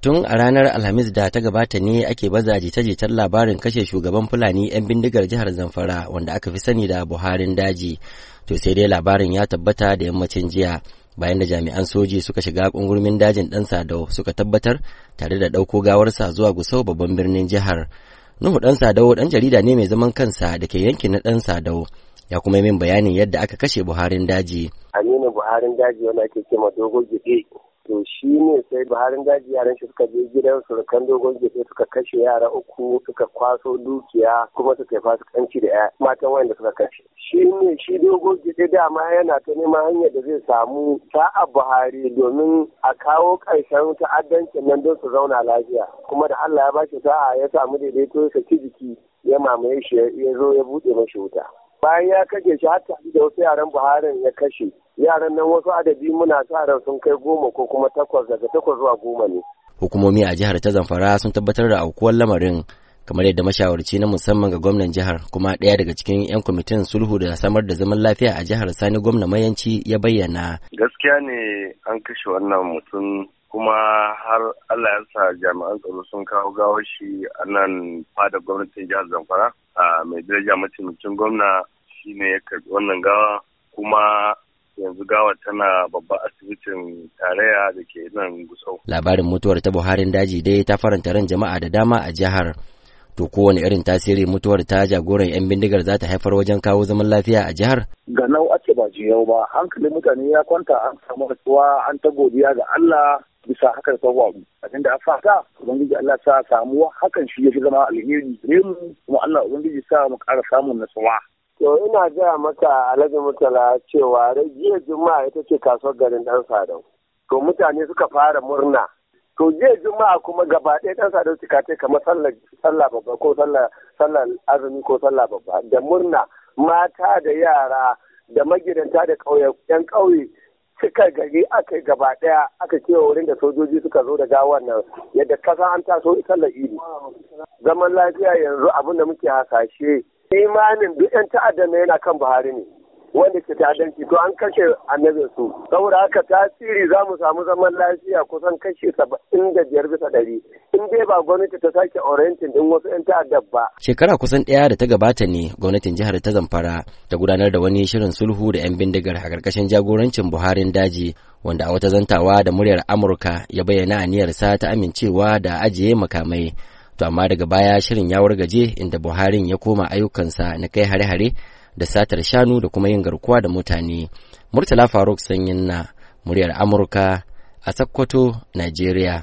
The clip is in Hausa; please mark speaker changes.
Speaker 1: tun a ranar alhamis da ta gabata ne ake baza jita-jitar labarin kashe shugaban fulani 'yan bindigar jihar zamfara wanda aka fi sani da buharin daji to sai dai labarin ya tabbata da yammacin jiya bayan da jami'an soji suka shiga kungurmin dajin dan sadau suka tabbatar tare da ɗauko gawarsa zuwa gusau babban birnin jihar nuhu ɗan sadau dan jarida ne mai zaman kansa da ke yankin na dan sadau ya kuma yi min bayanin yadda aka kashe buharin daji
Speaker 2: aminu buharin daji wanda ake kima dogon gide ne sai buharin daji yaran shi suka je gidan surukan dogon jefe suka kashe yara uku suka kwaso dukiya kuma suka yi kanci da matan wanda suka kashe shi ne shi dogon jefe dama yana ta neman hanyar da zai samu sa'a buhari domin a kawo ƙarshen ta'addancin nan don su zauna lafiya kuma da allah ya ba sa'a ya samu daidaito ya saki jiki ya mamaye shi ya zo ya buɗe mashi wuta bayan ya kashe shi har da wasu yaran buharin ya kashe yaran nan wasu adadi muna sa ran sun kai goma ko kuma takwas daga takwas zuwa goma ne
Speaker 1: hukumomi a jihar ta zamfara sun tabbatar da aukuwar lamarin kamar yadda mashawarci na musamman ga gwamnan jihar kuma ɗaya daga cikin 'yan kwamitin sulhu da samar da zaman lafiya a jihar sani gwamna mayanci ya bayyana
Speaker 3: gaskiya ne an kashe wannan mutum kuma har allah ya sa jami'an tsaro sun kawo gawar shi a nan fada gwamnatin jihar zamfara mai daraja mataimakin gwamna shine ya karbi wannan gawa kuma yanzu gawa tana babban asibitin tarayya da ke nan gusau. Labarin
Speaker 1: mutuwar ta Buharin daji dai ta faranta ran jama'a da dama a jihar. To kowane irin tasiri mutuwar ta jagoran 'yan bindigar za ta haifar wajen kawo zaman lafiya a jihar?
Speaker 2: Ga nau ake ba yau ba, hankalin mutane ya kwanta an samu rasuwa an ta godiya ga Allah bisa hakan ta A abin da fata ubangiji Allah sa samuwa hakan shi ya fi zama alheri gare mu kuma Allah ubangiji sa mu ƙara samun nasuwa. To ina gaya maka Alhaji mutala cewa jiya Juma'a ita ce kasuwar garin ɗan Sadau. To mutane suka fara murna. To jiya Juma'a kuma gaba ɗaya ɗan Sadau suka ce kamar sallah babba ko sallah azumi ko sallah babba da murna mata da yara da magidanta da ƙauye ƴan ƙauye cika gari aka gaba daya aka kewa wurin da sojoji suka zo da gawar nan yadda kasa an taso ita idi zaman lafiya yanzu abin da muke hasashe imanin duk yan ta'adda na yana kan buhari ne wanda ke ta'addanci to an kashe annabin su saboda haka tasiri za mu samu zaman lafiya kusan kashe saba'in da biyar bisa ɗari in dai ba gwamnati ta sake orientin din wasu 'yan ta'addar ba.
Speaker 1: shekara kusan ɗaya da ta gabata ne gwamnatin jihar ta zamfara ta gudanar da wani shirin sulhu da 'yan bindigar a ƙarƙashin jagorancin buharin daji wanda a wata zantawa da muryar amurka ya bayyana aniyarsa ta amincewa da ajiye makamai to amma daga baya shirin ya wargaje inda buharin ya koma ayyukansa na kai hare-hare da satar shanu da kuma yin garkuwa da mutane murtala faruk sanyin na muryar amurka a sakkwato najeriya